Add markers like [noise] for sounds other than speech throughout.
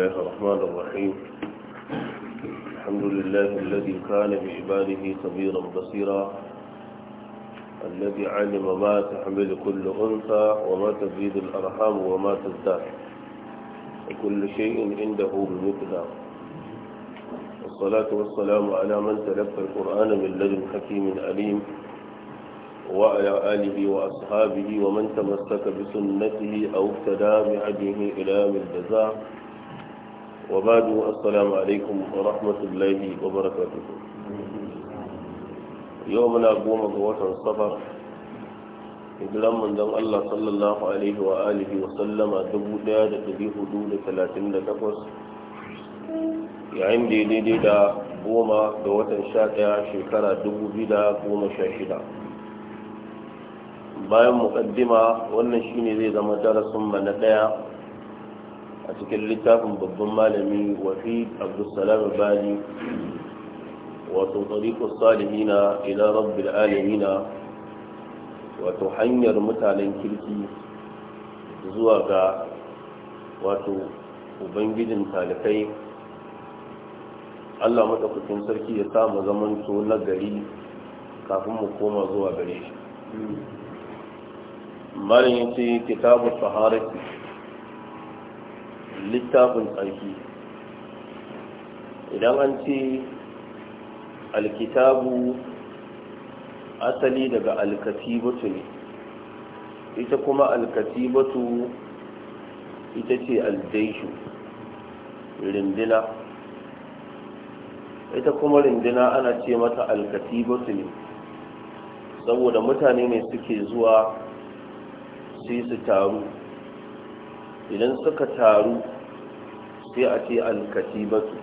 الله الرحمن الرحيم الحمد لله الذي كان بعباده خبيرا بصيرا الذي علم ما تحمل كل أنثى وما تزيد الأرحام وما تزداد وكل شيء عنده بمقدار والصلاة والسلام على من تلقى القرآن من لدن حكيم أليم وعلى آله وأصحابه ومن تمسك بسنته أو اقتدى بهديه إلى من جزاه وبعد السلام عليكم ورحمة الله وبركاته يومنا قوم قوة الصبر إجرام من دم الله صلى الله عليه وآله وسلم دبو داد تبي حدود ثلاثين لتقص يعين دي دي دي دا قوم قوة شاكا شكرا دبو بدا قوم شاشدا bayan mukaddima wannan shine zai zama darasin na daya a cikin littafin babban malami wafi abdulsalam bali wato tsariƙus salihina ila rabbil alamina wato hanyar mutanen kirki zuwa ga wato ubangijin talibai allah maɗaukakin sarki ya samu zamanto na gari kafin mu koma zuwa gare shi malin yace kitabu saharati littafin tsarki idan an ce alkitabu asali daga alkatibatu ne ita kuma alkatibatu ita ce aljaishu rindina ita kuma rindina ana ce mata alkatibatu ne saboda mutane ne suke zuwa sai su taru idan suka taru sai a ce alkatibatu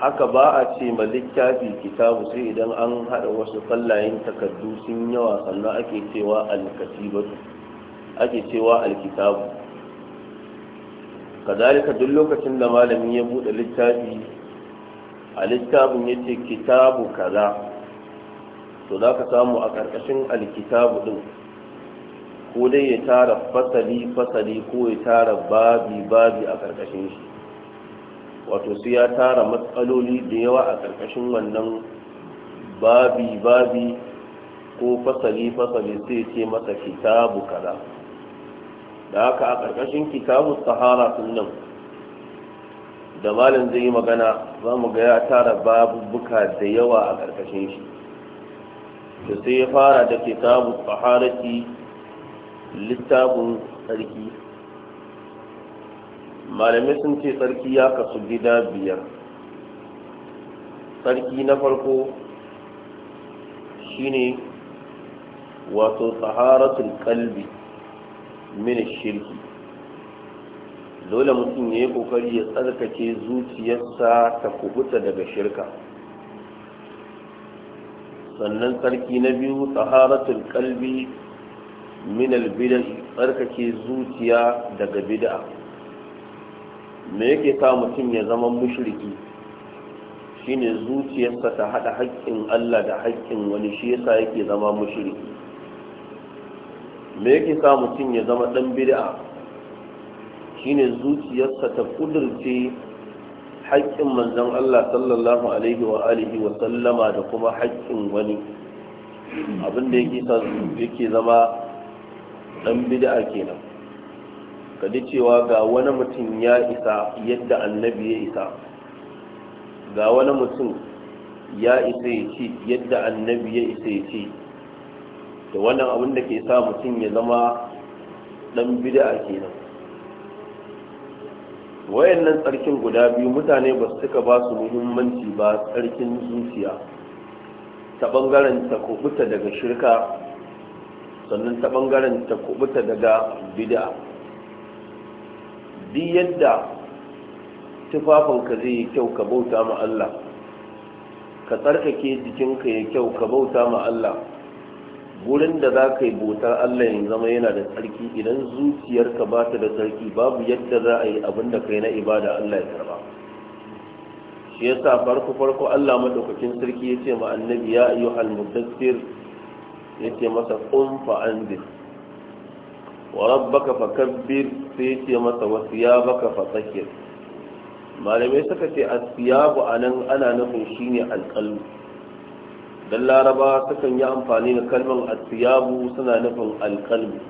haka ba a ce ma littafi kitabu sai idan an haɗa wasu fallayen takardu sun yawa sannan ake cewa alkatibatu ake cewa alkitabu kadalika duk lokacin da malamin ya buɗe littafi a littafin ya ce kitabu kaza to za ka samu a ƙarƙashin alkitabu ɗin ko dai ya tara fasali fasali ko ya tara babi babi a ƙarƙashin shi wato sai ya tara matsaloli da yawa a ƙarƙashin wannan babi babi ko fasali fasali sai ce masa kitabu kaza da haka a ƙarƙashin kitabu sahara sun nan da malin zai yi magana za mu ga ya tara babubuka da yawa a ƙarƙashin shi da sai ya fara da kitabu saharati littafin tsarki malamai sun ce tsarki ya kasu gida biyar tsarki na farko shine wato tsaharatul kalbi min shirki dole mutum ya yi kokari ya tsarkake zuciyarsa ta kubuta daga shirka sannan tsarki na biyu saharatul kalbi min albidai tsarkake zuciya daga bid'a me yake sa mutum ya zama mushriki shine zuciyarsa ta hada haƙƙin Allah da haƙƙin wani shi yasa yake zama mushriki me yake sa mutum ya zama dan bid'a shine zuciyarsa ta kudurce haƙƙin manzon Allah sallallahu alaihi wa alihi wa sallama da kuma haƙƙin wani abin da yake sa yake zama dan bid'a kenan kaji cewa ga wani mutum ya isa yadda annabi ya isa ga wani mutum ya isa ya ci yadda annabi ya isa ya ci da wannan abin da ke sa mutum ya zama dan bid'a kenan wayannan tsarkin guda biyu mutane ba su ka ba su muhimmanci ba tsarkin zuciya ta bangaren ta kubuta daga shirka sannan ta bangaren ta kubuta daga bid'a Bi yadda tufafinka zai yi kyau ka bauta ma Allah ka tsarkake jikinka ya kyau ka bauta ma Allah gurin da za ka yi bautar Allah ya zama yana da tsarki idan zuciyarka ba ta da tsarki babu yadda za a yi abin da kai na ibada Allah ya karba shi yasa farko farko Allah madaukakin sarki ya ce ma annabi ya ayyuhal muddassir ce masa qum fa wa rabbaka fakabbir sai ce masa fa fatahhir malamai suka ce a nan ana nufin shi ne alƙalmi. Don laraba sukan yi amfani da kalmar asiyabu suna nufin alƙalmi.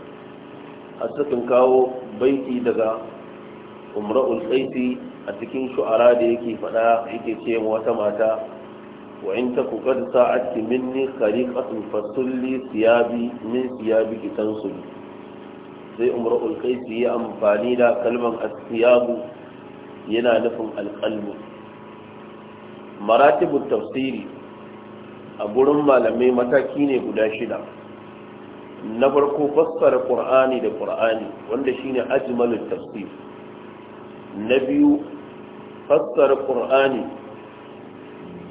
a sukan kawo baiki daga umra'ul qaisi a cikin shu'ara da yake faɗa yake ce wata mata وإن تك قد ساعدت مني خريقة فصلي ثيابي من ثيابك تنصلي sai umar ulkais ya amfani da kalman asiyabu yana nufin alƙalmu maratibun tafsiri a gurin malamai mataki ne guda shida na farko fassara ƙur'ani da ƙur'ani wanda shine ajmalul tafsir na biyu fassara ƙur'ani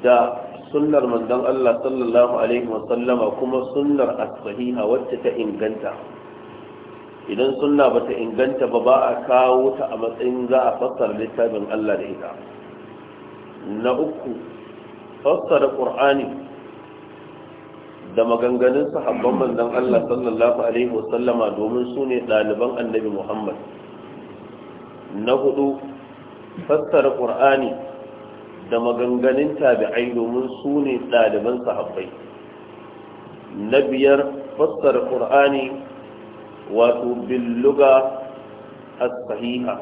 da sunnar manzon Allah sallallahu alaihi Sallama. kuma sunnar as-sahiha wacce ta inganta idan sunna bata inganta ba ba a kawo ta a matsayin za a fassara littafin Allah da ita na uku fassara qur'ani da maganganun sahabban manzon Allah sallallahu alaihi domin su ne ɗaliban annabi Muhammad na hudu fassara Qur'ani da maganganun tabi'ai domin su ne ɗaliban sahabbai na biyar fassara ƙur'ani wato billuga as-sahiha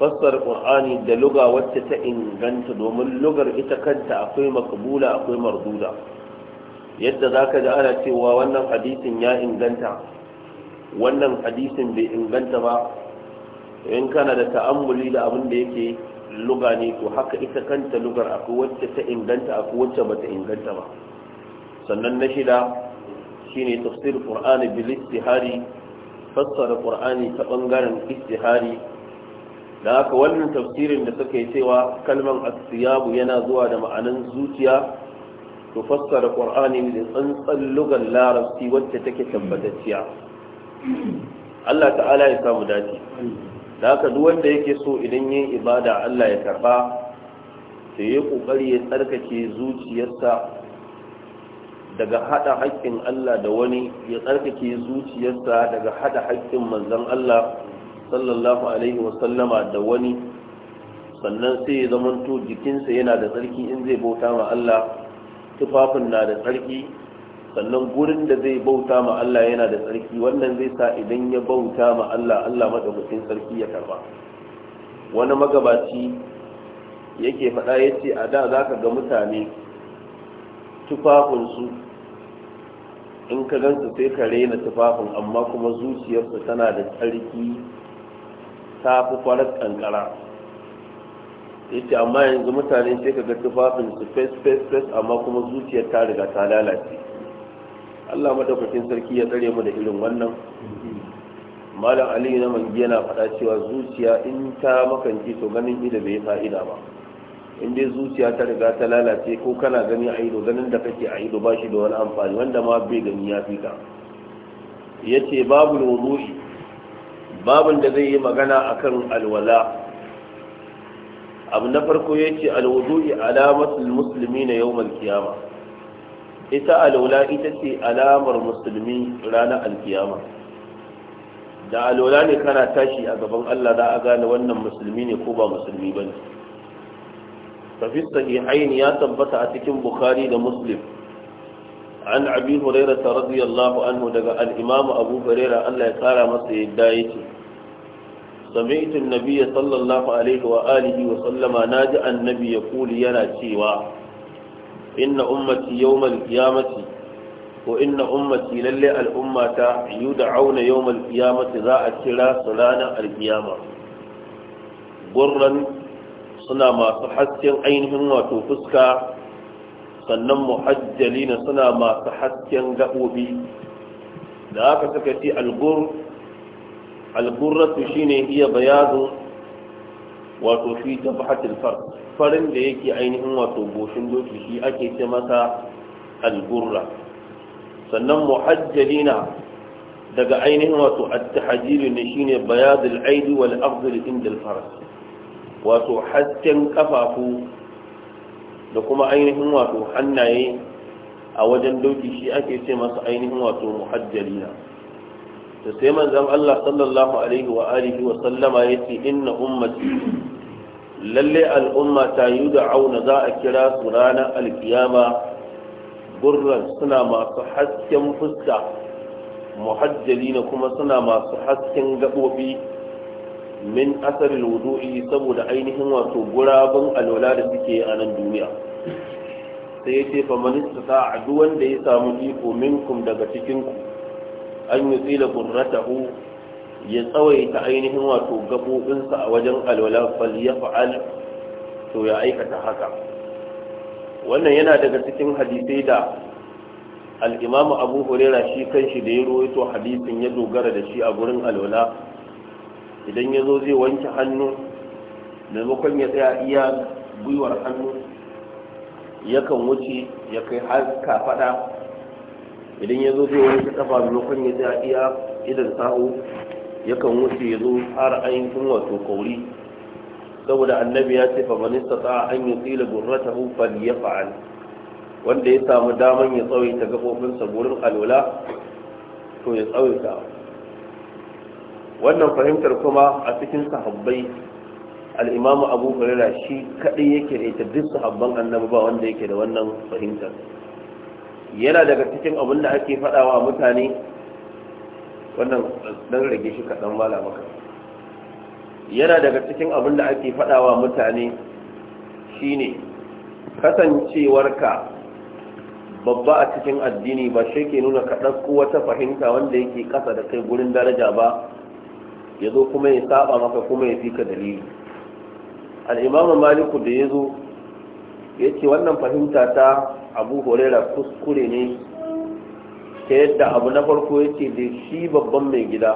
fassara ƙur'ani da luga wacce ta inganta domin lugar ita kanta akwai makabula akwai marduda yadda za ka ji ana cewa wannan hadisin ya inganta wannan hadisin bai inganta ba in kana da ta'ammuli da abin da yake luga ne to haka ita kanta lugar akwai wacce ta inganta akwai wacce bata inganta ba sannan na shida shine tafsir qur'ani bil istihari fassara ƙur'ani ta bangaren istihari da haka wannan tafsirin da suka yi cewa kalman asiyabu yana zuwa da ma'anan zuciya to fassara ƙur'ani da tsantsan lugar larabci wacce take tabbatacciya Allah ta'ala ya samu dace da haka duk wanda yake so idan yin ibada Allah ya karba sai ya kokari ya tsarkake zuciyarsa daga hada haƙƙin Allah da wani ya tsarkake zuciyarsa daga hada haƙƙin manzon Allah sallallahu alaihi wa sallama da wani sannan sai ya zamanto jikinsa yana da tsarki in zai bauta ma Allah tufafin na da tsarki sannan gurin da zai bauta ma Allah yana da tsarki wannan zai sa idan ya bauta ma Allah Allah madaukakin tsarki ya karba wani magabaci yake faɗa ya ce a da za ka ga mutane tufafinsu in ka gansu sai ka rena tufafin amma kuma zuciyarsu tana da tsarki ta fi kwarar kankara ya ce amma yanzu mutane sai ka ga tufafinsu fes fes fes amma kuma zuciyar ta riga ta lalace Allah madaukakin sarki ya tsare mu da irin wannan malam aliyu na mangi yana faɗa cewa zuciya in ta makanci to ganin ido bai fa'ida ba in dai zuciya ta riga ta lalace ko kana gani a ido ganin da kake a ido ba shi da wani amfani wanda ma bai gani ya fi ka ya ce babu wudu'i babin da zai yi magana akan alwala abu na farko ya ce alwudu'i alamatul musulmi na yawmal kiyama ita alola ita ce alamar musulmi ranar alkiyama da alola ne kana tashi a gaban Allah za a gane wannan musulmi ne ko ba musulmi ba ne tafi sahihain ya tabbata a cikin bukhari da muslim an abi hurairah radiyallahu anhu daga al-imam abu hurairah Allah ya kara masa yadda yake سمعت النبي صلى الله عليه وآله وسلم ناجع النبي يقول ينا cewa. inna ummati yawmal qiyamati ko inna ummati lalle al'ummata yud'auna yawmal qiyamati za a kira su ranar alkiyama gurran suna masu hasken ainihin wato fuska sannan muhajjalina suna masu hasken gabobi da aka saka ce algur shine iya bayazun wato fi jabhatil farq farin da yake ainihin wato goshin doki shi ake ce masa alburra sannan muhajjalina daga ainihin wato at-tahjilu ne shine bayadul aidi wal afdal inda al-faras wato hasken kafafu da kuma ainihin wato hannaye a wajen doki shi ake ce masa ainihin wato muhajjalina to sai manzon Allah sallallahu alaihi wa alihi wa sallama yace inna ummati lalle al'umma ta yi da auna za a kira su ranar alkiyama gurran suna masu hasken fuska muhajjali na kuma suna masu hasken gaɓoɓi min asarin wudu'i saboda ainihin wato gurabin alwala da suke a nan duniya sai ya ce fa manista ta wanda ya samu iko minkum daga cikinku an yi tsila gurratahu ya tsawaita ainihin wato gabobinsa a wajen alwala fal ya fa'al to ya aikata haka wannan yana daga cikin hadisai da al'imamu abu hurera shi kanshi da ya ruwaito hadisin ya dogara da shi a gurin alwala idan ya zo zai wanke hannu maimakon ya tsaya iya gwiwar hannu yakan wuce ya kai har fada idan ya zo zai wanke kafa maimakon ya tsaya iya idan sa'o yakan wuce ya zo har ainihin wato kauri saboda annabi ya ce fa man istata an yusila gurratahu falyaf'al wanda ya samu daman ya tsawaita gabofinsa gurin alwala to ya tsawaita wannan fahimtar kuma a cikin sahabbai al'imamu abu hurera shi kaɗai yake da ita duk sahabban annabi ba wanda yake da wannan fahimtar yana daga cikin abin da ake faɗawa mutane wannan dan rage shi kaɗan mala maka yana daga cikin abin da ake faɗawa mutane shine kasancewarka babba a cikin addini ba shi ke nuna kaɗan wata fahimta wanda yake kasa da kai gurin daraja ba ya zo kuma ya saba maka kuma ya fi ka dalili al'imamu maliku da ya zo ya ce wannan fahimta ta abu horera kuskure ne ta yadda abu na farko ya ce da shi babban mai gida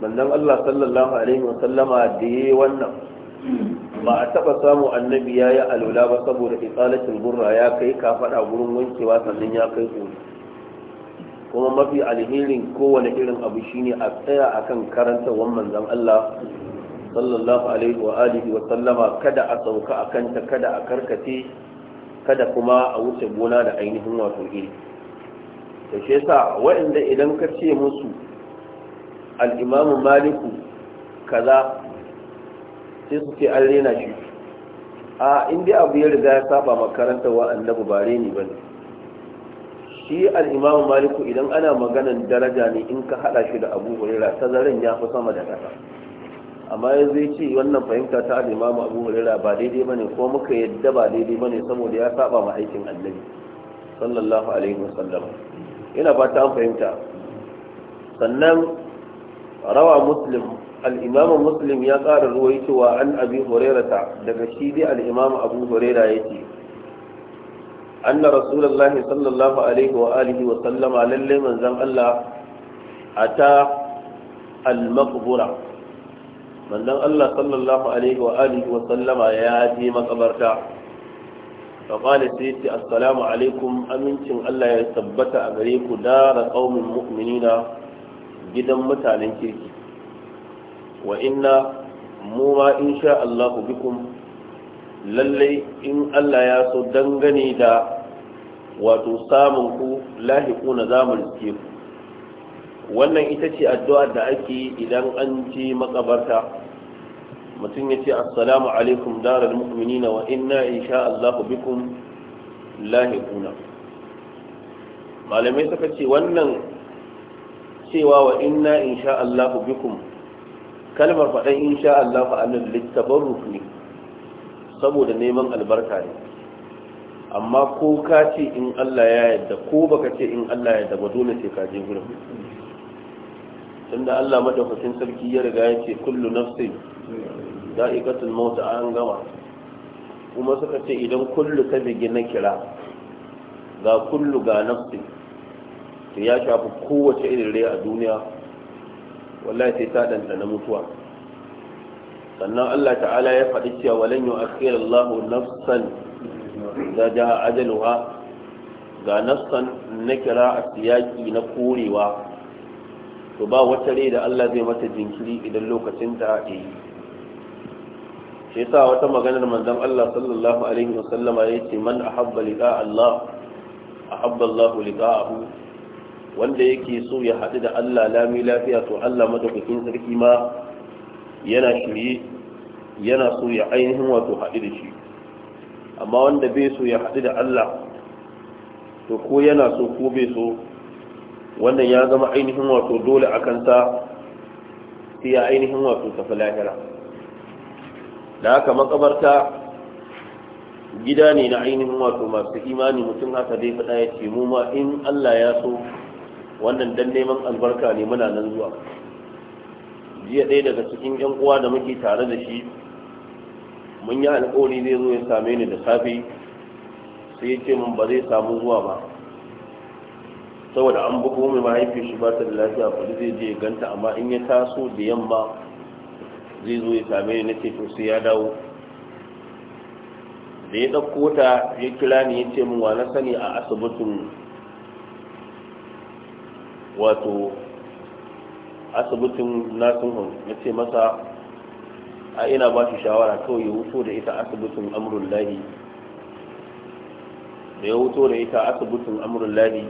bandan Allah sallallahu Alaihi wasallama da ya yi wannan ba a taɓa samu annabi ya yi alula ba saboda isalatin gurra ya kai kafaɗa gurin wankewa sannan ya kai su kuma mafi alherin kowane irin abu shine a tsaya akan wannan zan Allah sallallahu alaihi wa alihi wa sallama kada a sauka a kanta kada a karkace kada kuma a wuce gona da ainihin wato iri da shi yasa waɗanda idan ka ce musu al'imamu maliku kaza sai su ce an rena shi a inda abu ya riga ya saba makaranta wa annabi ba reni ba shi al'imamu maliku idan ana maganan daraja ne in ka haɗa shi da abu ta zaren ya fi sama da ƙasa amma ya zai ce wannan fahimta ta al'imamu abu hulira ba daidai ba ne ko muka yadda ba daidai ba ne saboda ya saba ma aikin annabi sallallahu alaihi wasallam ina fata ta fahimta sannan rawa muslim al'imam muslim ya ƙara ruwaitowa an abi horerata daga shi dai al'imam abu horera ya ce an na rasulallah sallallahu alaihi wa alihi wa sallama lallai manzan allah a ta al-maqbura manzan allah sallallahu alaihi wa alihi wa sallama ya je makabarta faƙali sai ce assalamu alaikum amincin Allah ya tabbata a gare ku dara ƙaumin mu'minina gidan mutanen kirki wa inna mu ma insha Allahu bikum lallai in Allah ya so dangane da wato samun ku lahiku na zamu riske ku wannan ita ce addu'ar da ake idan an je makabarta mutum ya ce assalamu alaikum darar mu'minina wa inna insha Allah bikum lahiquna malamai suka ce wannan cewa wa inna insha bikun' kalmar faɗan insha Allah fa'anin littabarruf ne saboda neman albarka ne amma ko ka ce in Allah ya yadda ko baka ce in Allah ya yadda ba dole ce ka je gurin tunda Allah madaukakin sarki ya riga ya ce kullu nafsin da'ikatul mota an gama kuma suka ce idan kullu ta bigi na kira ga kullu ga nafsi to ya shafi kowace irin rai a duniya wallahi sai ta danta na mutuwa sannan Allah ta'ala ya faɗi cewa walan yu'akhir Allah nafsan da ja ajaluha ga nafsan na kira a siyaki na korewa to ba wata rai da Allah zai mata jinkiri idan lokacin ta yi shi sa wata maganar manzon Allah sallallahu alaihi wasallama yace man ahabba liqa Allah a ahabba a hu wanda yake so ya haɗu da Allah lami lafiya to Allah madaukakin sarki ma yana shirye yana so ya ainihin wato haɗu da shi amma wanda bai so ya haɗu da Allah to ko yana so ko bai so wannan ya zama ainihin wato dole a kanta sai ya ainihin wato tafi lahira da haka makabarta gida ne na ainihin wato masu imani mutum haka dai faɗa ya ce mu ma in Allah ya so wannan dan neman albarka ne muna nan zuwa jiya ɗaya daga cikin yan uwa da muke tare da shi mun yi alƙawari zai zo ya same ni da safe sai ya ce mun ba zai samu zuwa ba saboda an bugu mai mahaifin shi ba ta da lafiya kudu zai je ganta amma in ya taso da yamma zai zo ya same ni na ce to sai ya dawo da ya ɗauko ta ya kira ni ya ce min wa na sani a asibitin wato asibitin nasin hun ya ce masa a ina ba shi shawara kawai ya wuto da ita asibitin amurin lahi da ya wuto da ita asibitin amurin lahi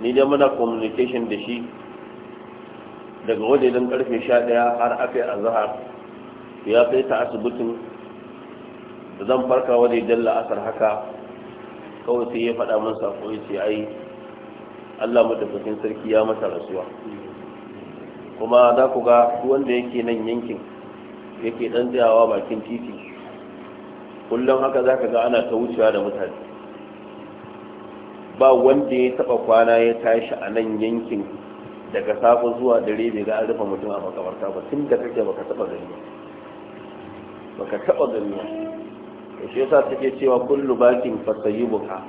ni da muna communication da shi daga wajen karfe 11 har aka yi azahar ya kai ta asibitin da zan farka wani jalla asar haka kawai sai ya faɗa min sako ya ce ai Allah madaukakin sarki ya masa rasuwa kuma za ku ga wanda yake nan yankin yake ɗan tsayawa bakin titi kullum haka za ka ga ana ta wucewa da mutane ba wanda ya taɓa kwana ya tashi a nan yankin daga safe zuwa dare bai ga an rufe mutum a makabarta ba tun da kake baka taɓa gani ba baka taba ganiya ya shi yasa take cewa kullu bakin fasayibuka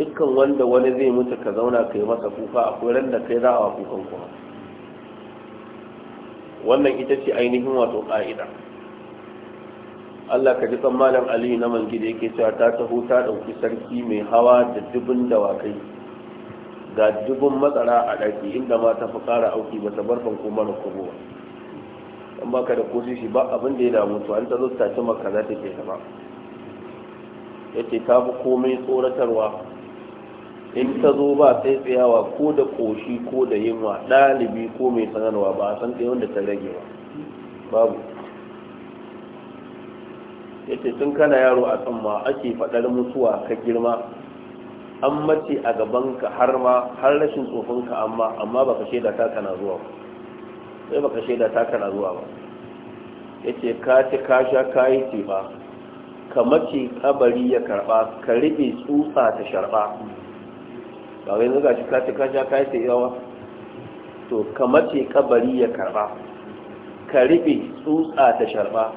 dukkan wanda wani zai mutu ka zauna kai masa kuka akwai ran da kai za a kukan kuma wannan ita ce ainihin wato ƙa'ida Allah ka ji kan malam Aliyu na mangi da yake cewa ta taho ta ɗauki sarki mai hawa da dubin dawakai ga dubun matsara a ɗaki inda ma ta fi ƙara auki ba ta barfan kuma na kubo in baka da ko ba abin da ya damu to an ta zo ta ce maka za ta ke gaba yace ta fi komai tsoratarwa in ta zo ba sai tsayawa ko da koshi ko da yinwa ɗalibi ko mai sanarwa ba a san tsaye wanda ta rage ba babu yace tun kana yaro a tsamma ake faɗar mutuwa ka girma an mace a gabanka har ma har rashin tsofinka amma amma baka shaida ta kana zuwa ba sai baka shaida ta kana zuwa ba ce ka ci ka sha ka yi ce ba ka mace kabari ya karba ka ribe tsutsa ta sharba ba wai zuga shi ka ci ka sha ka yi ce yawa to ka mace kabari ya karba ka ribe tsutsa ta sharba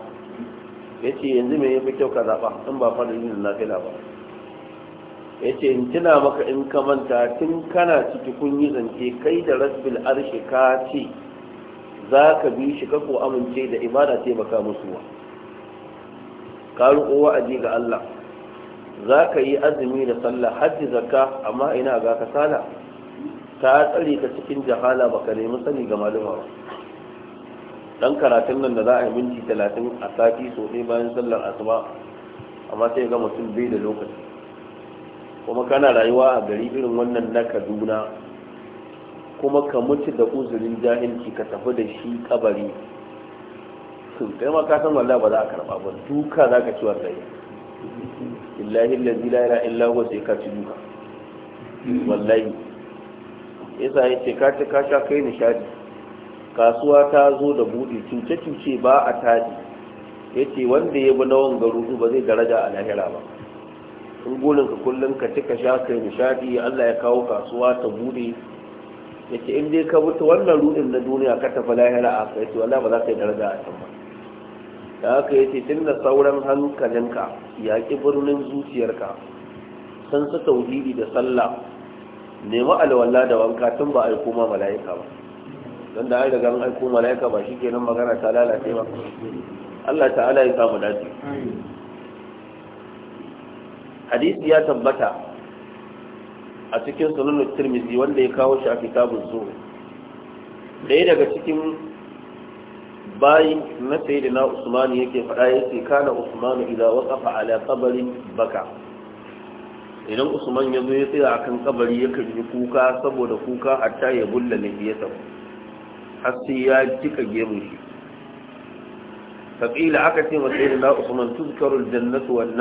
yace yanzu me yafi kyau ka zaba in ba yin nafila ba ya ce in tuna maka in ka manta tun kana ciki kun yi zance kai da rasbil arshi ka ce za ka bi shi ka ko amince da ibada taimaka musu wa ka riƙo wa'azi ga Allah za ka yi azumi da sallah hajji zakka amma ina ga ka sala ta tsare ka cikin jahala baka nemi sani ga maluma ba dan karatun nan da za a yi minti talatin a sati so ɗaya bayan sallar asuba amma sai ga mutum bai da lokaci kuma kana rayuwa a gari irin wannan na kaduna kuma ka mutu da uzurin jahilci ka tafi da shi kabari sun kai ma ka san wallahi ba za a karba ba duka za ka ci wallahi illahi allazi la ilaha illa huwa sai ka ci duka wallahi yasa yace ka ci ka sha kai nishadi kasuwa ta zo da buɗe cuce cuce ba a tadi yace wanda ya bi nawan garudu ba zai daraja a lahira ba kun gurin ka kullum ka ci ka sha kai nishadi Allah ya kawo kasuwa ta buɗe yace in dai ka mutu wannan rudin na duniya ka tafi lahira a kai to wanda ba za ka yi daraja a can ba da haka yace tunda sauran hankalinka ki birnin zuciyarka san su tauhidi da sallah nemi alwala da wanka tun ba aiko ma mala'ika ba don da an riga an aiko mala'ika ba shi kenan magana ta lalace ba Allah ta'ala ya samu dace hadisi ya tabbata a cikin sunan tirmizi wanda ya kawo shi a kitabun zuwa ɗaya daga cikin bayi na sayyidina usmani yake faɗa yake kana usmanu idan waqafa ala qabrin baka idan usman ya zo ya tsaya akan kabari yakan yi kuka saboda kuka ta ya bulla lafiyarsa har sai ya jika gemu shi faƙila aka ce wa sayyidina usman tuzkaru aljannatu wan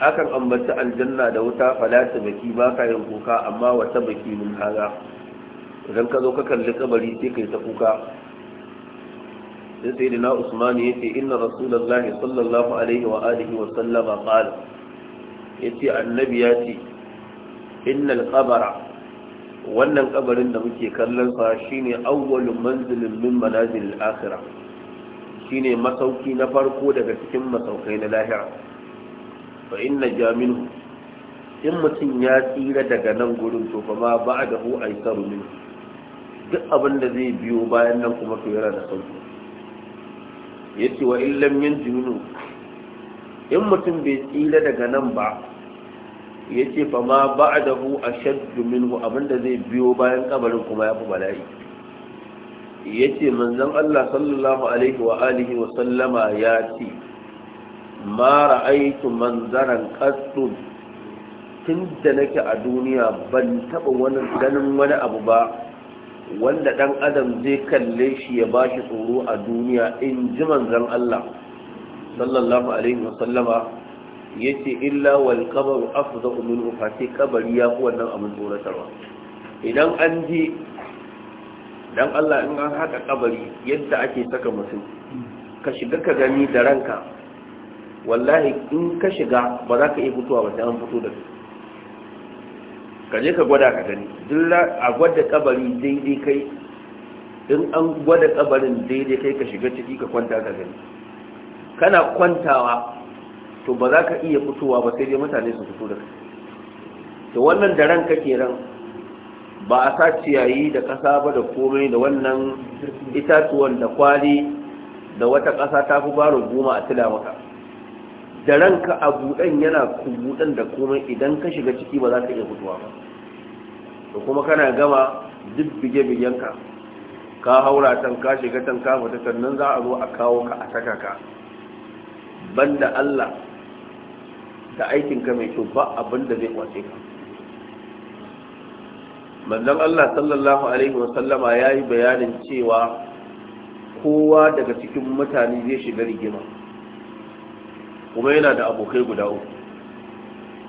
akan ambaci aljanna da wuta falata baki ba ka yin kuka amma wata baki mun haza idan ka zo ka kalli kabari sai kai ta kuka sai Sayyidina usman ya ce inna rasulullahi sallallahu alaihi wa alihi wa sallama qala yace annabi ya ce innal qabara wannan kabarin da muke kallon sa shine awwalu manzilin min manazil al-akhirah shine masauki na farko daga cikin masaukai na lahira fa inna jaminu in mutum ya tsira daga nan gurin to fa ma ba da hu aisaru min duk abin da zai biyo bayan nan kuma to yana da sauki yace wa in lam jinu in mutum bai tsira daga nan ba yace fa ma ba da hu ashaddu minhu abin da zai biyo bayan kabarin kuma ya fi bala'i yace manzon Allah sallallahu alaihi wa alihi wa sallama ya ce ma ra'aitu manzaran qasdun tun da nake a duniya ban taba wani ganin wani abu ba wanda dan adam zai kalle shi ya bashi tsoro a duniya in ji manzan Allah sallallahu alaihi wasallama yace illa wal qabru afdhu min ufati kabari ya fi wannan abin tsoratarwa idan an ji dan Allah in an haka kabari yadda ake saka mutum ka shiga ka gani da ranka wallahi in ka shiga ba za ka iya fitowa ba sai an fito da su ka je ka gwada ka gani dilla a gwada kabari daidai kai in an gwada kabarin daidai kai ka shiga ciki ka kwanta ka gani kana kwantawa to ba za ka iya fitowa ba sai dai mutane su fito da kai to wannan da ranka ran ba a sa ciyayi da ƙasa ba da komai da wannan itatuwan da kwali da wata ƙasa ta fi baro goma a tila maka da ranka a buɗen yana kubuɗen da komai idan ka shiga ciki ba za ka iya fitowa ba da kuma kana gama duk bige-bigenka ka haura can, ka shiga can, ka fita sannan za a zo a kawo ka a saka ka banda Allah da aikinka mai kyau ba abin da zai kwace ka manzon Allah sallallahu alaihi wasallama ya yi bayanin cewa kowa daga cikin mutane zai shiga rigima kuma yana da abokai guda uku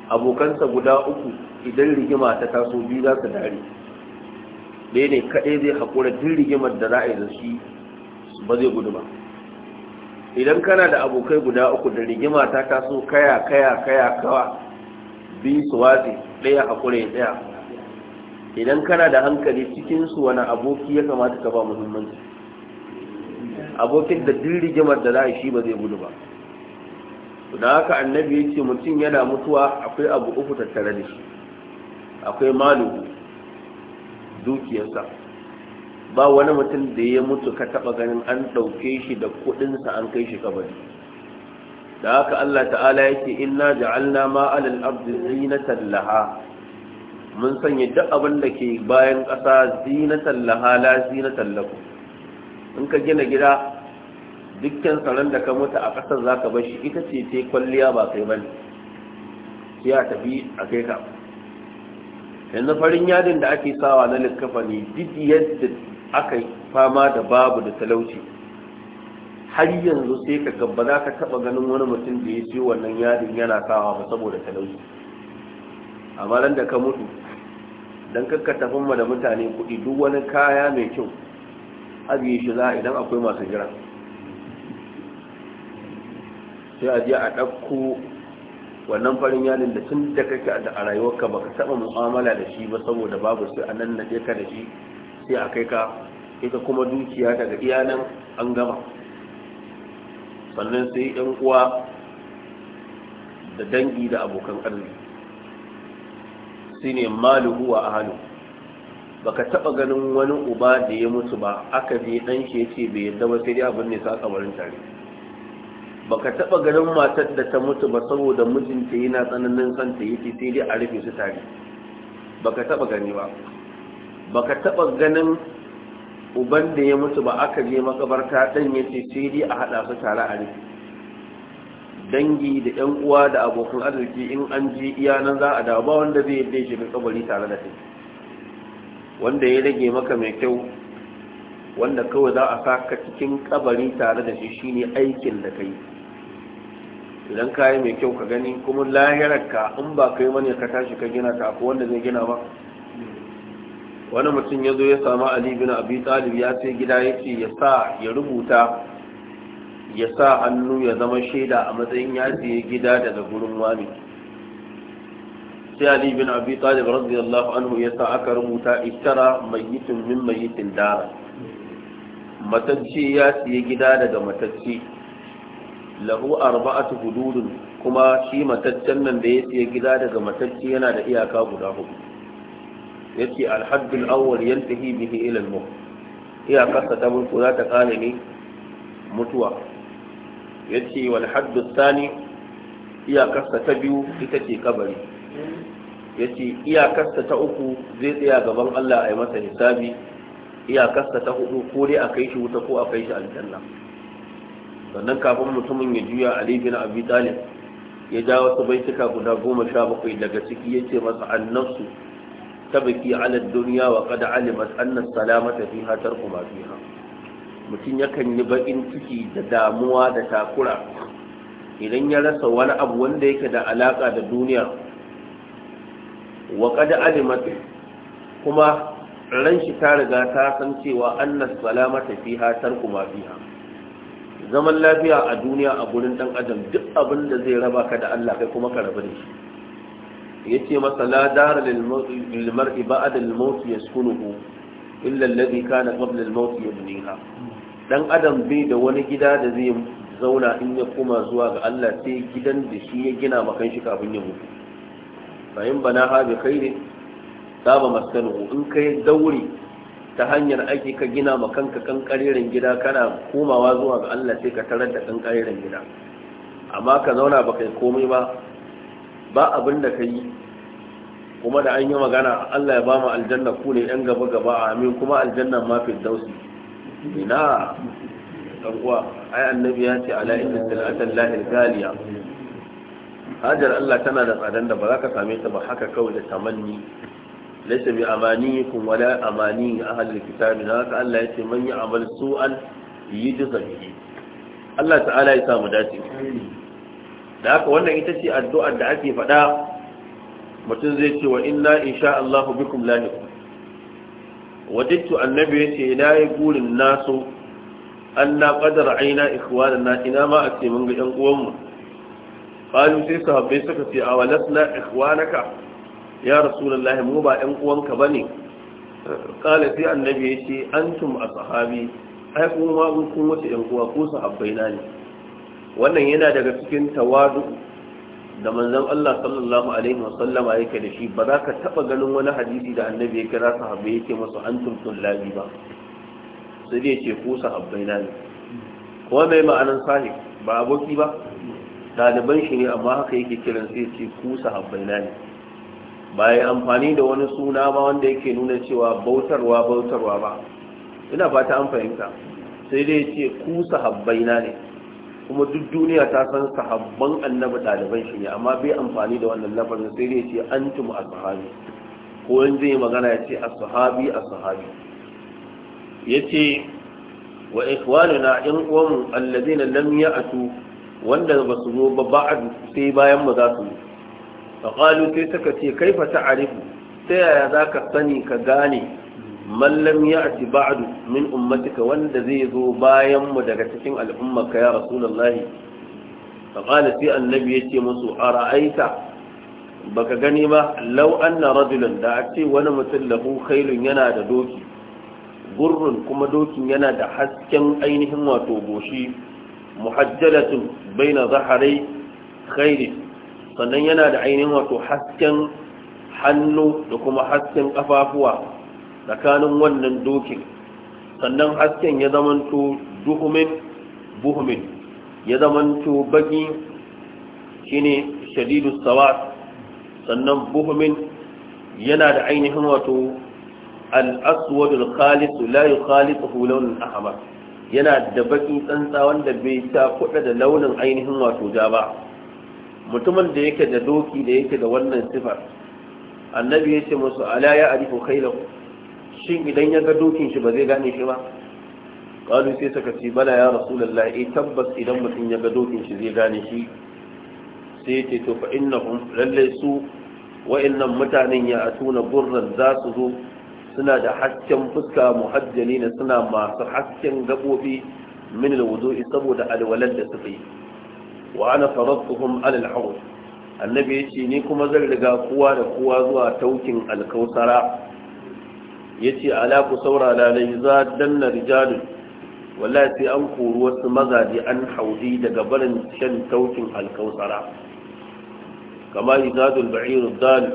abokansa guda uku idan rigima ta taso biyu za su dare ɗaya ne kaɗai zai haƙura duk rigimar da za a yi da shi ba zai gudu ba idan kana da abokai guda uku da rigima ta taso kaya kaya kaya kawa biyu su watsi ɗaya haƙura ya tsaya idan kana da hankali cikinsu wani aboki ya kamata ka ba muhimmanci abokin da duk rigimar da za a yi shi ba zai gudu ba da haka annabi ya ce mutum yana mutuwa akwai abu uku tattare da shi akwai malu dukiyarsa ba wani mutum da ya mutu ka taba ganin an ɗauke shi da kuɗinsa an kai shi kabari da haka Allah ta'ala ya ce inna ja'alna ma alal ardi zinatan laha mun sanya duk abin da ke bayan ƙasa zinatan laha la zinatan lakum in ka gina gida dukkan tsaron da ka mutu a ƙasar za ka bashi ita ce ta kwalliya ba kai bane sai ya tafi a kai ka yanzu farin yadin da ake sawa na likkafa ne duk yadda aka fama da babu da talauci har yanzu sai ka gaba za ka taɓa ganin wani mutum da ya siyo wannan yadin yana sawa ba saboda talauci amma ran da ka mutu don kakka tafin da mutane kuɗi duk wani kaya mai kyau abiye shi za idan akwai masu jira sai a je a ɗauko wannan farin yanin da tun da kake a rayuwarka baka taɓa mu'amala da shi ba saboda babu sai a nan naɗe ka da shi sai a kai ka ita kuma dukiya daga iyanan an gama sannan sai yan uwa da dangi da abokan arziki shine a wa ba baka taɓa ganin wani uba da ya mutu ba aka je dan shi ce bai yadda ba sai dai abin ne sa kabarin tare baka taba ganin matar da ta mutu ba saboda mijinta yana tsananin son ta yi sai dai a rufe su tare baka taba gani ba baka taba ganin uban da ya mutu ba aka je makabarta dan ya ce sai dai a hada su tare a rufe dangi da yan uwa da abokan arziki in an ji iya nan za a dawo ba wanda zai yadda shi kabari tare da kai wanda ya rage maka mai kyau wanda kawai za a saka cikin kabari tare da shi shine aikin da kai idan ka yi mai kyau ka gani kuma lahirarka in ba kai mani ka tashi ka gina ta wanda zai gina ba wani mutum ya zo ya samu ali bin abi talib ya sai gida ya ce ya sa ya rubuta ya sa hannu ya zama shaida a matsayin ya siye gida daga gurin wani sai ali bin abi talib radiyallahu anhu ya sa aka rubuta ishtara mayyitin min mayyitin dara matacce ya siye gida daga matacce lahu arba'atu hududun kuma shi mataccen nan da ya siya gida daga matacci yana da iyaka guda hudu yace al-haddul awwal yantahi bihi ila al-maut iyakarsa ta burko za ta kare ne mutuwa yace wal haddus thani iyakarsa ta biyu ita ce kabari yace iyakarsa ta uku zai tsaya gaban Allah a yi masa hisabi iyakarsa ta hudu ko dai a kai shi wuta ko a kai shi aljanna sannan kafin mutumin ya juya ali bin abi talib ya ja wasu baituka guda goma sha bakwai daga ciki ya ce masa annafsu biki ala duniya wa qad alimat anna salamata fiha tarku ma mutum yakan yi bakin ciki da damuwa da takura idan ya rasa wani abu wanda yake da alaka da duniya wa qad alimat kuma ran shi ta riga ta san cewa anna salamata fiha tarku ma zaman lafiya a duniya a gurin dan adam duk abin da zai raba ka da Allah kai kuma ka rabu da shi yace masa la dar lil mar'i ba'da al maut yaskunuhu illa alladhi kana qabla al maut yabniha dan adam bai da wani gida da zai zauna in ya koma zuwa ga Allah sai gidan da shi ya gina makan shi kafin ya mutu fa in bana ha bi khairin saba maskanuhu in kai dauri ta hanyar ake ka gina ma kanka kankaririn gida kana komawa zuwa ga Allah sai ka tarar da kankaririn gida amma ka zauna ba kai komai ba ba abin da ka yi kuma da an yi magana Allah ya ba mu aljanna ku ne yan gaba gaba amin kuma aljanna ma fi dausi ina dan uwa ai annabi ya ce ala inna salatan lahil galiya hajar Allah tana da tsadan da ba za ka same ta ba haka kawai da tamanni laysa bi amaniyikum wala amani ahli kitabi haka Allah yace man ya'mal su'an yujza bihi Allah ta'ala ya samu dace da haka wannan ita ce addu'ar da ake faɗa mutum zai ce wa inna insha Allah bikum lahiq wajittu annabi yace yi burin nasu anna qad ra'ayna ikhwanana ina ma ake mun ga ɗan uwanmu qalu sai sahabbai suka ce awalasna ikhwanaka ya rasulullahi mu ba ɗan uwanka ba ne ƙala sai annabi ya ce an tum a sahabi ai kuma ma kun wace ɗan uwa ko sahabbai na ne wannan yana daga cikin tawadu da manzon Allah sallallahu alaihi wasallama yake da shi ba za ka taɓa ganin wani hadisi da annabi ya kira sahabbai yake masu an tum tullabi ba sai ce ko sahabbai na ne kuma mai ma'anar sahib ba aboki ba ɗaliban shi ne amma haka yake kiran sai ce ku sahabbai na ne ba ya amfani da wani suna ba wanda yake nuna cewa bautarwa bautarwa ba ina fata an fahimta sai dai ce ku sahabbai na ne kuma duk duniya ta san sahabban annabi ɗaliban shi ne amma bai amfani da wannan lafarin sai dai ce an antum ashabi ko wani zai magana ya ce ashabi Ya ce, wa na in uwan allazina lam ya'tu wanda ba su zo ba ba'd sai bayan ba za su yi faƙalu sai suka ce kai fa ta'arifu ta yaya za ka sani ka gane mallam ya ci ba'adu min ummatika wanda zai zo bayan daga cikin al'ummarka ya rasulallahi faƙalu sai annabi ya ce musu a ra'aita baka gani ba lau anna da a ce wani mutum lahu khailun yana da doki gurrun kuma dokin yana da hasken ainihin wato goshi muhajjalatun baina zaharai khairi sannan yana da ainihin wato hasken hannu da kuma hasken kafafuwa tsakanin wannan dokin sannan hasken ya zamanto duhumin buhumin ya zamanto baki shine shadidus sawat sannan buhumin yana da ainihin wato al-aswad al-khalis la yukhalituhu lawn ahmar yana da baki tsantsa wanda bai ta kuɗa da launin ainihin wato ja ba mutumin da yake da doki da yake da wannan sifar annabi ya ce musu alaya ya arifu khailahu shin idan ya ga dokin shi ba zai gane shi ba qalu sai suka ce bala ya rasu eh tabbas idan mutum ya ga dokin shi zai gane shi sai ya ce to fa innahum lallai su wa'annan mutanen ya atuna burran za su zo suna da hasken fuska muhajjali na suna masu hasken gabobi min alwudu'i saboda alwalar da suka yi wa ana faradtuhum alal al annabi yace ni kuma zan riga kowa da kowa zuwa taukin alkausara yace ala ku saurara la yazadanna rijalun wallahi sai an kori wasu da an haudi daga barin shan taukin alkausara kama yazadul ba'ir dal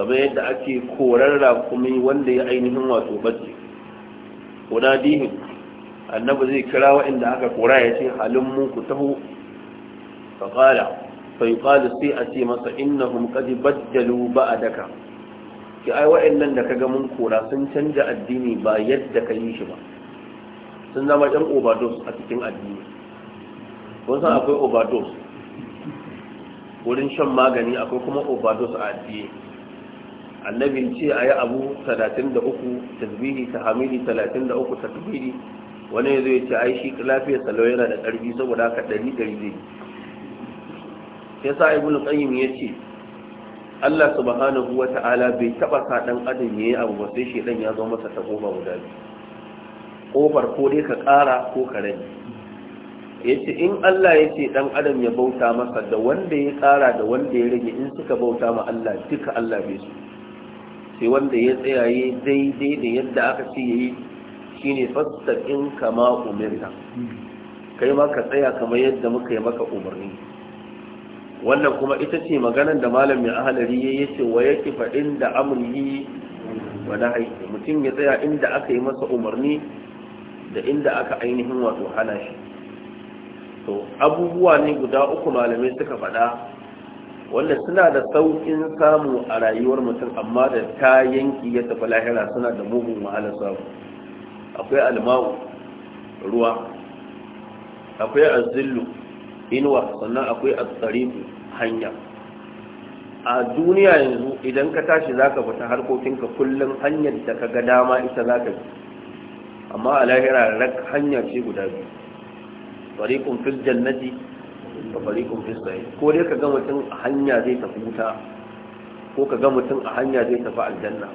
kamar yadda ake korar rakumi wanda ya ainihin wato bace dihin, annabi zai kira wa'anda aka kora ya ce halin mun ku taho فقال فيقال سي أتي مسا إنهم قد بدلوا بعدك ki ai wa'annan da kaga mun kora sun canza addini ba yadda ka yi shi ba sun zama ɗan overdose a cikin addini kun san akwai overdose wurin shan magani akwai kuma overdose a addini annabi ce a yi abu 33 tasbihi ta 33 takbiri wani ya zo ya ce ai shi lafiyar salo yana da ƙarfi saboda ɗari ɗari zai sai sa ibn qayyim yace Allah subhanahu wa ta'ala bai taba sa dan adam yayi abu ba sai shedan ya zo masa ta kofa guda kofar ko dai ka ƙara ko ka rage yace in Allah yace dan adam ya bauta masa da wanda ya kara da wanda ya rage in suka bauta ma Allah duka Allah bai su sai wanda ya tsayaye daidai da yadda aka ce yayi shine fastaqin kama umirta kai ma ka tsaya kamar yadda muka yi maka umarni wannan kuma ita ce maganar da malam mai ahalari ya yace wa yake faɗin da yi wa nahayi mutum ya tsaya inda aka yi masa umarni da inda aka ainihin wato hana shi to abubuwa ne guda uku malamai suka faɗa wanda suna da sauƙin samu a rayuwar mutum amma da ta yanki ya tafi lahira suna da mugun wahalar samu akwai alma'u ruwa akwai azillu inuwa sannan akwai asariku hanya a duniya yanzu idan ka tashi za ka fita harkokinka kullum hanyar da ka ga dama ita za ka bi amma a lahira rak hanya ce guda biyu farikun fil jannati da farikun fil sa'i ko dai ka ga mutum a hanya zai tafi wuta ko ka ga mutum a hanya zai tafi aljanna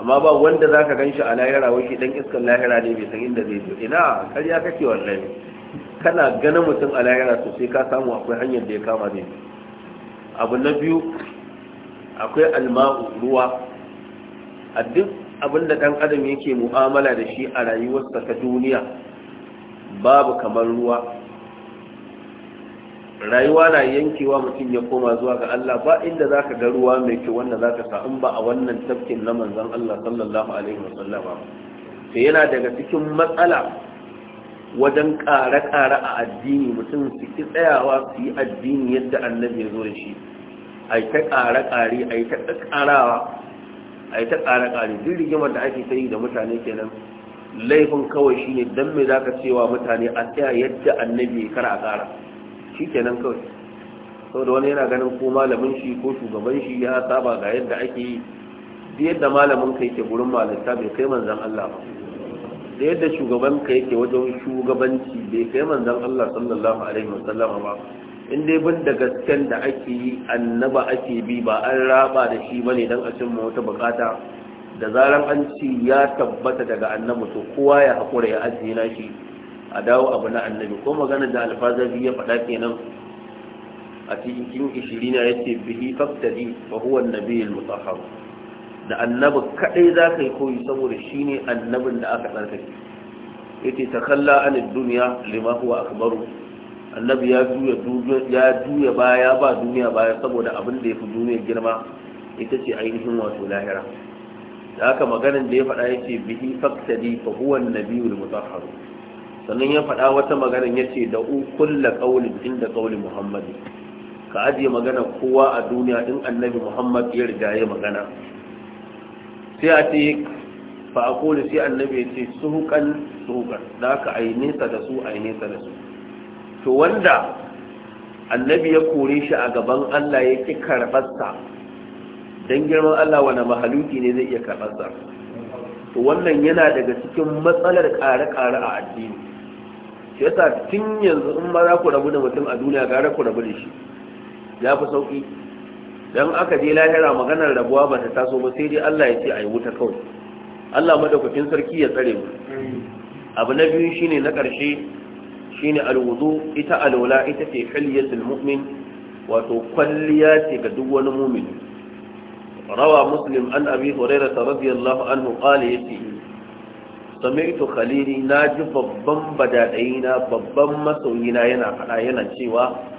amma ba wanda za ka gan shi a lahira wani dan iskan lahira ne bai san inda zai je ina karya kake wallahi kana ganin mutum a lahira to sai ka samu akwai hanyar da ya kama ne abu na biyu akwai alma'u ruwa a duk abin da ɗan adam yake mu'amala da shi a rayuwarsa ta duniya babu kamar ruwa rayuwa na yankewa mutum ya koma zuwa ga Allah ba inda za ka ga ruwa mai kyau wanda za ka sa'in ba a wannan tafkin na manzan Allah sallallahu Alaihi wasallama sai yana daga cikin matsala wajen ƙare-ƙare a addini mutum su ki tsayawa su yi addini yadda annabi ya zo da shi a yi ta ƙare-ƙare a yi ta ƙarawa a yi ta ƙare-ƙare duk rigimar da ake ta yi da mutane kenan laifin kawai shi ne don me za ka cewa mutane a tsaya yadda annabi ya kara a ƙara shi kenan kawai sau da wani yana ganin ko malamin shi ko shugaban shi ya saba ga yadda ake yi yadda malamin ka yake gurin malinta bai kai manzan Allah ba da yadda shugaban ka yake wajen shugabanci bai kai manzon Allah sallallahu alaihi wasallam ba in dai ban da gasken da ake yi annaba ake bi ba an raba da shi bane dan a cimma wata bukata da zaran an ci ya tabbata daga annabi to kowa ya hakura ya ajiye na shi a dawo abu na annabi ko magana da alfazari ya faɗa kenan a cikin 20 ya ce bihi faktari fa huwa annabiyul mutahhar da annabi kaɗai za ka yi koyi saboda shi ne annabin da aka Ya ce ta kalla anil duniya lima huwa akbaru annabi ya juya ya baya ba duniya baya saboda abin da ya fi duniya girma ita ce ainihin wato lahira da haka maganin da ya faɗa ya ce bihi faktadi fa huwa da mutahharu sannan ya faɗa wata maganin ya ce da u kulla qaulin inda qauli muhammadi ka ajiye magana kowa a duniya in annabi muhammad ya riga ya magana sai a ce fa a kone sai annabi ya ce suhukan suhukan da aka a yi nesa da su a yi nesa da su to wanda annabi ya kore shi a gaban allah ya ƙi karɓarsa don girman allah wani mahaluki ne zai iya karɓarsa to wannan yana daga cikin matsalar ƙare-ƙare a addini shi yasa tun yanzu in ma za ku rabu da mutum a duniya gara ku rabu da shi ya fi sauƙi dan aka je lahira maganar rabuwa ba ta taso ba sai dai Allah ya ce ayi wuta kawai Allah madaukakin sarki ya tsare mu abu na biyu shine na ƙarshe shine alwudu ita alwala ita ce hilyatul mu'min wato kwalliya ce ga duk wani mumin. rawa muslim an abi hurairah radiyallahu anhu qala yati sami'tu khalili naji babban badadaina babban masoyina yana fada yana cewa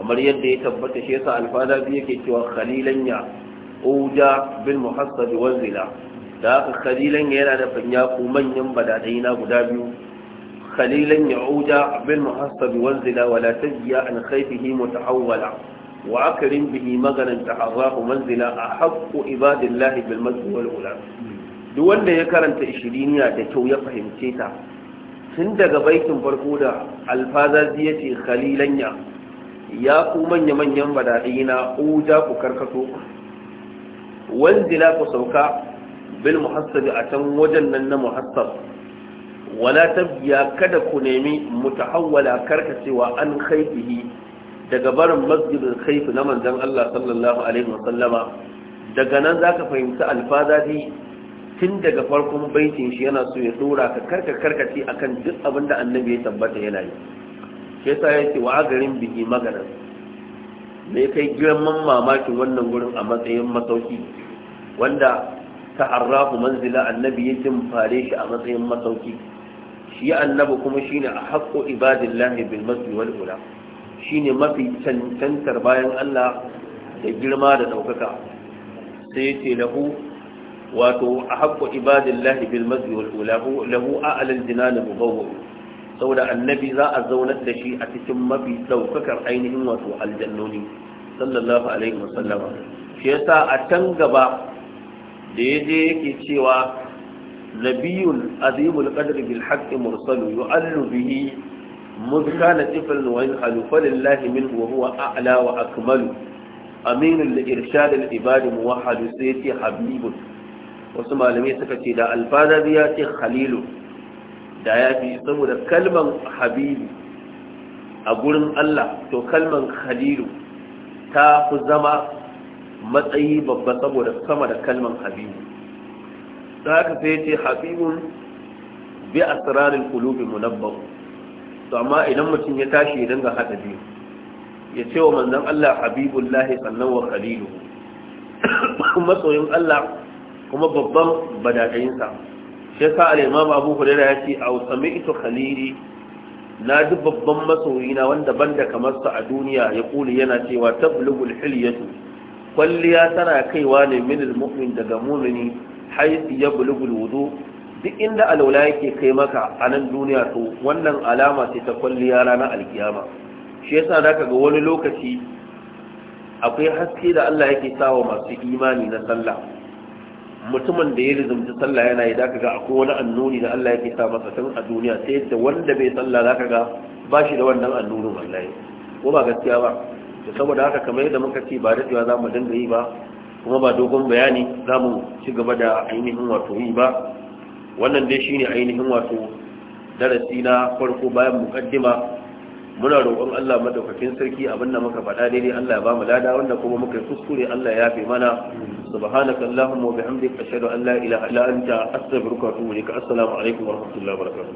kamar yadda ya tabbata shi yasa alfada biyu yake cewa khalilan ya uda bin muhassab da aka khalilan yana da ku manyan badadai na guda biyu khalilan ya uda bin muhassab wanzila wala tajiya an khayfihi mutahawwala wa akrim bihi maganan taharrahu manzila ahaqqu ibadillahi bil masjid wal ula duk wanda ya karanta ishiriniya da kyau ya fahimce ta tun daga baitin farko da alfaza ya khalilan ya ya ku manya-manyan badaɗi na uja ku karkato wanzila ku sauka bil muhassabi a can wajen nan na muhassab wala tabbiya kada ku nemi mutahawwala karkacewa an khaifihi daga barin masjidin khaifi na manzan Allah sallallahu alaihi wasallama daga nan zaka fahimci alfazati tun daga farkon baitin shi yana so ya tsora ka karka karkace akan duk abin da annabi ya tabbata yana yi shi yasa yake wa garin biki maganar me kai girman mamakin wannan gurin a matsayin masauki wanda ta arrafu manzila annabi ya fare shi a matsayin masauki shi annabi kuma shine a haƙƙo ibadillahi bil masjid wal ula shine mafi cancantar bayan Allah da girma da ɗaukaka sai yace ce lahu wato a haƙƙo ibadillahi bil masjid wal ula lahu a'lal jinan mubawwa saboda annabi za a zauna da shi a cikin mafi ɗaukakar ainihin wato aljannoni sallallahu alaihi wasallama shi yasa a can gaba da ya je yake cewa nabiyun azimul qadr bil haqqi mursalu yu'allu bihi mudh kana tiflan wa yanhalu falillahi minhu wa huwa a'la wa akmalu aminun li irshad al ibad muwahhad sayyidi habibun wasu malamai suka ce da alfada ya ce khalilu da ya fi saboda kalman habibi a gurin Allah to kalman khalilu ta fi zama matsayi babba saboda sama da kalman habibi da haka sai ce habibun bi asrarin kulubi munabbahu to amma idan mutum ya tashi ya dinga haɗa biyu ya ce wa manzon Allah habibullahi sannan wa khalilu [coughs] masoyin Allah kuma babban badadayinsa shi yasa alimam abu hurairah ya ce sami ito khalili na ji babban masoyina wanda banda kamar sa a duniya ya kuli yana cewa ta tablughul hiliyatu kwalliya tana kaiwa ne min al-mu'min daga mu'mini ya yablughul wudu duk inda alwala yake kai maka a nan duniya to wannan alama ce ta kwalliya ranar alkiyama shi yasa ka ga wani lokaci akwai haske da Allah yake sawa masu imani na sallah mutumin da ya rizumci sallah yana yi zaka ga akwai wani annuni da Allah yake sa masa tun a duniya sai yadda wanda bai sallah zaka ga ba shi da wannan annurin wallahi ko ba gaskiya ba to saboda haka kamar yadda muka ce ba daɗewa za mu dinga yi ba kuma ba dogon bayani za mu ci gaba da ainihin wato yi ba wannan dai shine ainihin wato darasi na farko bayan mukaddima muna roƙon Allah madaukakin sarki abinda muka faɗa daidai Allah ya bamu lada wanda kuma muka yi kuskure Allah ya yafe mana subhanaka allahumma wa bihamdika ashhadu an la ilaha illa anta astaghfiruka wa atubu ilaik assalamu alaikum wa rahmatullahi wa barakatuh